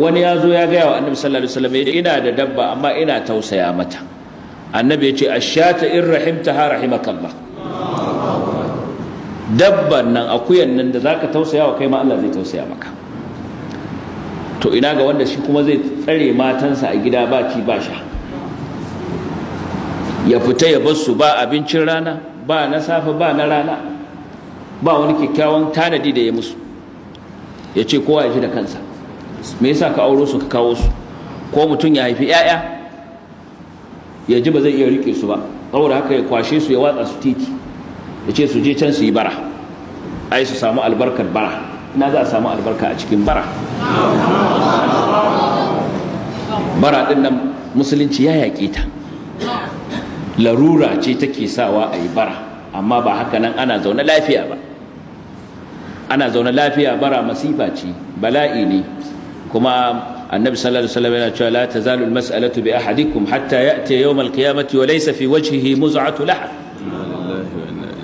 wani ya zo ya gaya wa annabi sallallahu alaihi wasallam ina da dabba amma ina tausaya mata annabi ya ce ashata in rahimta ha rahimakallah dabban nan akuyan nan da zaka tausaya wa kai ma Allah zai tausaya maka to ina ga wanda shi kuma zai tsare matansa a gida ba ci ba sha ya fita ya bar su ba abincin rana ba na safe ba na rana ba wani kyakkyawan tanadi da ya musu ya ce kowa ya ji da kansa me yasa ka auro su ka kawo su ko mutum ya haifi 'ya'ya ya ji ba zai iya rike su ba saboda haka ya kwashe su ya watsa su titi ya ce su je can su yi bara ai su samu albarkar bara ina za a samu albarka a cikin bara bara din nan musulunci ya yaƙe ta larura ce take sawa a yi bara amma ba haka nan ana zaune lafiya ba ana zaune lafiya bara masifa ce bala'i ne kuma annabi sallallahu alaihi wasallam yana cewa la tazalu almas'alatu bi ahadikum hatta ya'ti yawm alqiyamati wa laysa fi wajhihi muz'atu lahm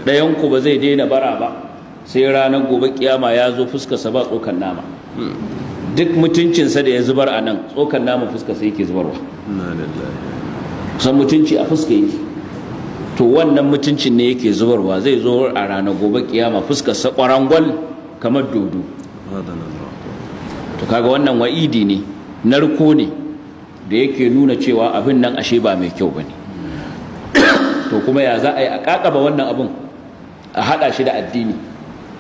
dayan ku ba zai daina bara ba sai ranar gobe kiyama ya zo fuskar sa ba tsokan nama duk mutuncinsa da ya zubar a nan tsokan nama fuskar sa yake zubarwa san mutunci a fuska yake to wannan mutuncin ne yake zubarwa zai zo a ranar gobe kiyama fuskar sa kwarangwal kamar dodo to kaga wannan wa'idi ne narko ne da yake nuna cewa abin nan ashe ba mai kyau bane to kuma ya za a yi a kakaba wannan abin a hada shi da addini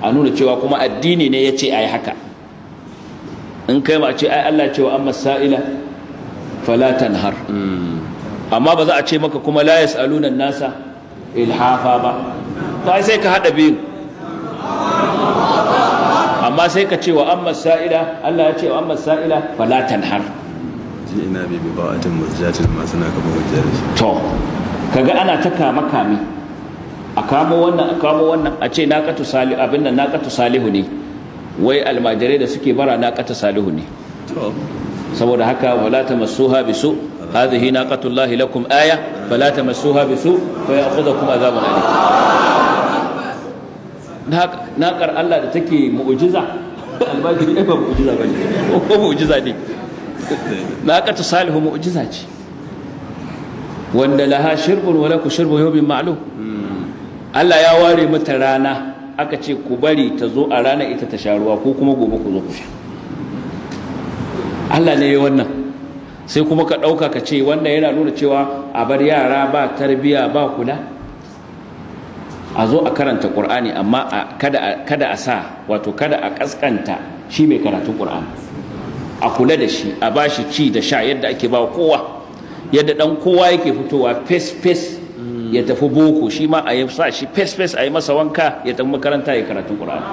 a nuna cewa kuma addini ne ya ce a yi haka in kai ma a ce ai Allah cewa amma sa'ila fala tanhar amma ba za a ce maka kuma la yas'aluna nasa ilhafa ba to sai ka hada biyu amma sai ka ce wa amma sa'ila Allah ya ce wa amma sa'ila fala tanhar ji ina bi bi ba'atin mujjatin ma suna kama hujjar to kaga ana ta kama kame a kamo wannan a kamo wannan a ce na katu sali, abin nan na katu salihu ne wai almajirai da suke bara na katu salihu ne saboda haka wala tamassuha bisu hadhihi naqatullahi lakum aya fala tamassuha bisu fa ya'khudhukum adhabun alim naƙar Allah da take mu'ujiza albajiri ai ba mu'ujiza ba ne ko mu'ujiza ne ta salihu mu'ujiza ce wanda laha shirbun wala ku shirbun yau bin ma'alu Allah ya ware mata rana aka ce ku bari ta zo a rana ita ta sharuwa ko kuma gobe ku zo ku sha Allah ne ya wannan sai kuma ka ɗauka ka ce wanda yana nuna cewa a bar yara ba tarbiya ba kula a zo a karanta qur'ani amma kada a sa wato kada a kaskanta shi mai karatun qur'ani a kula da shi a ba shi ci da sha yadda ake ba kowa yadda dan kowa yake fitowa face face ya tafi boko shi ma a yi sa shi face face a yi masa wanka ya tafi makaranta ya karatun qur'ani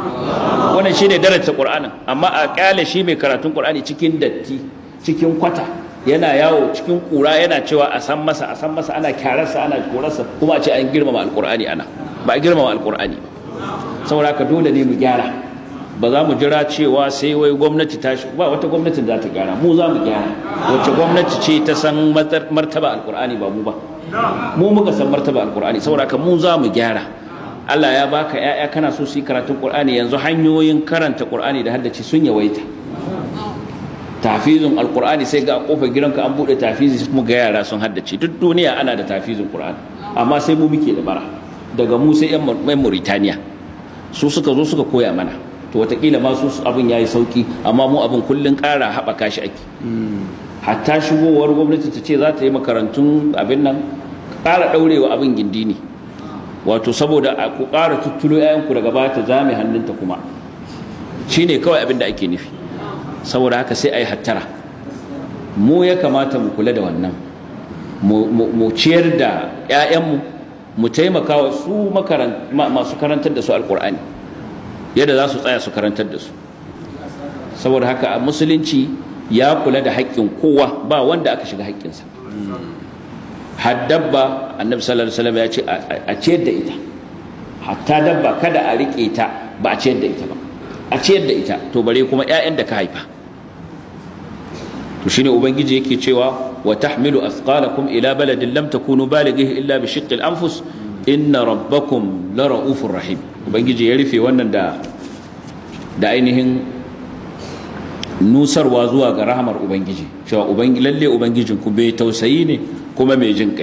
wannan shine darajar qur'anin amma a kyale shi mai karatun qur'ani cikin datti cikin kwata yana yawo cikin ƙura yana cewa a san masa a san masa ana kyararsa ana korarsa kuma a ce an girmama alƙur'ani ana ba girmama alkur'ani ba saboda ka dole ne mu gyara ba za mu jira cewa sai wai gwamnati ta shi ba wata gwamnati za ta gyara mu za mu gyara wacce gwamnati ce ta san martaba alkur'ani ba mu ba mu muka san martaba alkur'ani saboda ka mu za mu gyara Allah ya baka 'ya'ya kana so su yi karatun Qur'ani yanzu hanyoyin karanta Qur'ani da haddace sun yawaita tafizin alqur'ani sai ga kofar gidanka an bude tafizi mu ga yara sun haddace duk duniya ana da tafizun Qur'ani amma sai mu muke da bara daga mu sai yan mauritaniya su suka zo suka koya mana to watakila ma su abin ya yi sauki amma mu abin kullun ƙara haɓaka shi ake hatta shigowar gwamnati ta ce za ta yi makarantun abin nan ƙara ɗaurewa abin gindi ne wato saboda ku ƙara tuttulo yayanku daga baya ta zame hannunta kuma shine kawai abin da ake nufi saboda haka sai a yi hattara mu ya kamata mu kula da wannan mu ciyar da 'ya'yanmu mu taimaka wa su masu karantar da su alkur'ani yadda za su tsaya su karantar da su saboda haka musulunci ya kula da haƙƙin kowa ba wanda aka shiga haƙƙinsa haddabba annabi sallallahu alaihi ya ce a ciyar da ita hatta dabba kada a riƙe ta ba a ciyar da ita ba a ciyar da ita to bare kuma 'ya'yan da ka haifa to shine ubangiji yake cewa wa tahmilu athqalakum ila baladin lam takunu balighihi illa bi anfus inna rabbakum la ra'ufur rahim ubangiji ya rufe wannan da da ainihin nusarwa zuwa ga rahmar ubangiji cewa ubangi lalle ubangijin ku bai tausayi ne kuma mai jin kai